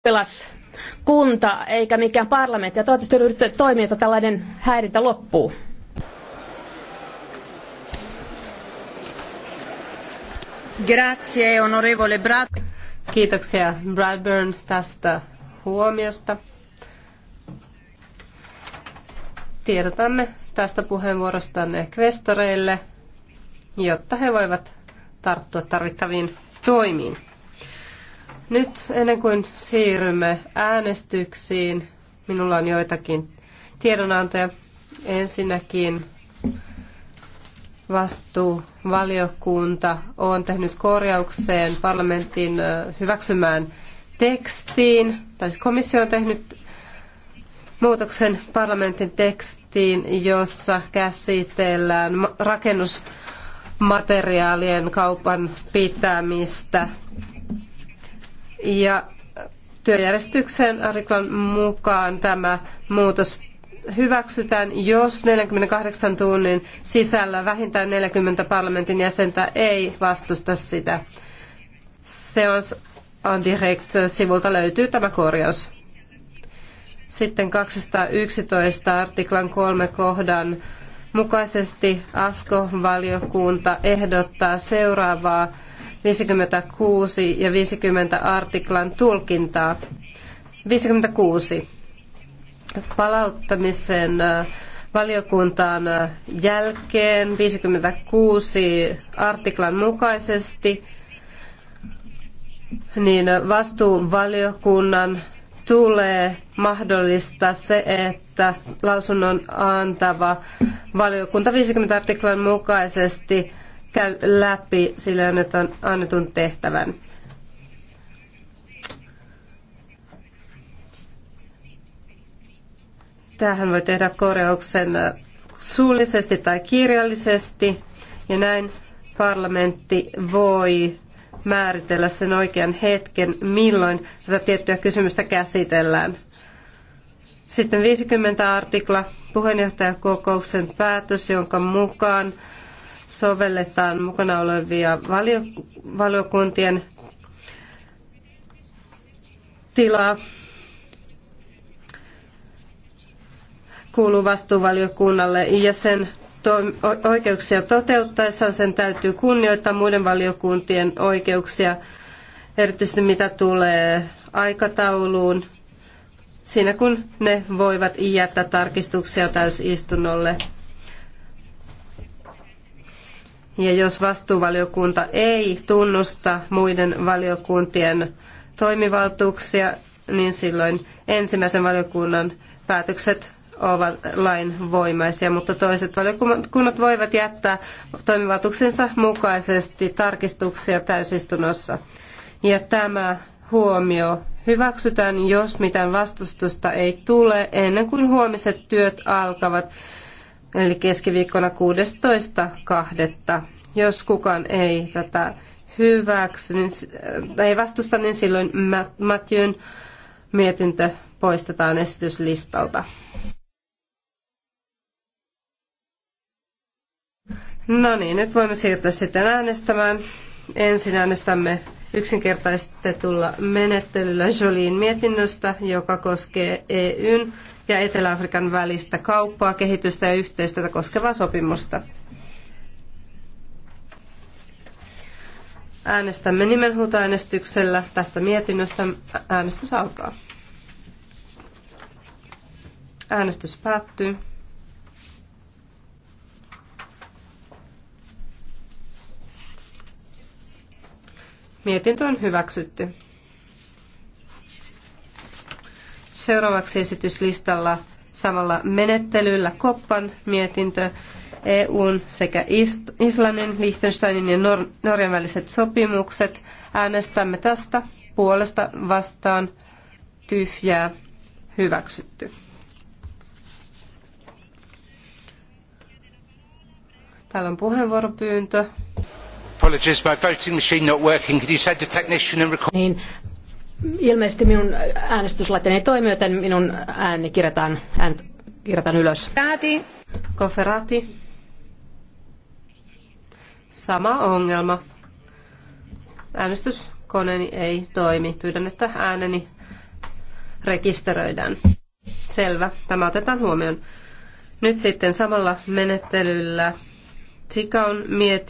oppilaskunta eikä mikään parlamentti. Ja toivottavasti ryhdytte toimia, että tällainen häirintä loppuu. Grazie, onorevole Brad. Kiitoksia Bradburn tästä huomiosta. Tiedotamme tästä puheenvuorostanne kvestoreille, jotta he voivat tarttua tarvittaviin toimiin. Nyt ennen kuin siirrymme äänestyksiin, minulla on joitakin tiedonantoja. Ensinnäkin vastuuvaliokunta on tehnyt korjaukseen parlamentin hyväksymään tekstiin, tai siis komissio on tehnyt muutoksen parlamentin tekstiin, jossa käsitellään rakennusmateriaalien kaupan pitämistä ja työjärjestyksen artiklan mukaan tämä muutos hyväksytään, jos 48 tunnin sisällä vähintään 40 parlamentin jäsentä ei vastusta sitä. Seance on Direct-sivulta löytyy tämä korjaus. Sitten 211 artiklan kolme kohdan mukaisesti AFKO-valiokunta ehdottaa seuraavaa 56 ja 50 artiklan tulkintaa. 56. Palauttamisen äh, valiokuntaan äh, jälkeen 56 artiklan mukaisesti niin vastuuvaliokunnan tulee mahdollistaa se, että lausunnon antava valiokunta 50 artiklan mukaisesti käy läpi sille annetun tehtävän. Tähän voi tehdä korjauksen suullisesti tai kirjallisesti, ja näin parlamentti voi määritellä sen oikean hetken, milloin tätä tiettyä kysymystä käsitellään. Sitten 50 artikla, puheenjohtajakokouksen päätös, jonka mukaan sovelletaan mukana olevia valio, valiokuntien tilaa. kuuluu vastuuvaliokunnalle ja sen oikeuksia toteuttaessaan sen täytyy kunnioittaa muiden valiokuntien oikeuksia, erityisesti mitä tulee aikatauluun, siinä kun ne voivat jättää tarkistuksia täysistunnolle. Ja jos vastuuvaliokunta ei tunnusta muiden valiokuntien toimivaltuuksia, niin silloin ensimmäisen valiokunnan päätökset ovat lainvoimaisia, mutta toiset valiokunnat voivat jättää toimivaltuuksensa mukaisesti tarkistuksia täysistunnossa. Ja tämä huomio hyväksytään, jos mitään vastustusta ei tule ennen kuin huomiset työt alkavat eli keskiviikkona 16.2. Jos kukaan ei tätä hyväksy, niin, äh, ei vastusta, niin silloin Matthewn mietintö poistetaan esityslistalta. No niin, nyt voimme siirtyä sitten äänestämään. Ensin äänestämme yksinkertaistetulla menettelyllä Jolin mietinnöstä, joka koskee EUn ja Etelä-Afrikan välistä kauppaa, kehitystä ja yhteistyötä koskevaa sopimusta. Äänestämme nimenhuutoäänestyksellä tästä mietinnöstä. Äänestys alkaa. Äänestys päättyy. Mietintö on hyväksytty. Seuraavaksi esityslistalla samalla menettelyllä Koppan mietintö EUn sekä Islannin, Liechtensteinin ja Nor- Norjan väliset sopimukset. Äänestämme tästä puolesta vastaan tyhjää hyväksytty. Täällä on puheenvuoropyyntö. Apologies, my voting machine not working. Could you send a technician and record? Niin, ilmeisesti minun äänestyslaitteeni ei toimi, joten minun ääni kirjataan, ään, kirjataan ylös. Pääti. Koferati. Sama ongelma. Äänestyskoneeni ei toimi. Pyydän, että ääneni rekisteröidään. Selvä. Tämä otetaan huomioon. Nyt sitten samalla menettelyllä on mietin.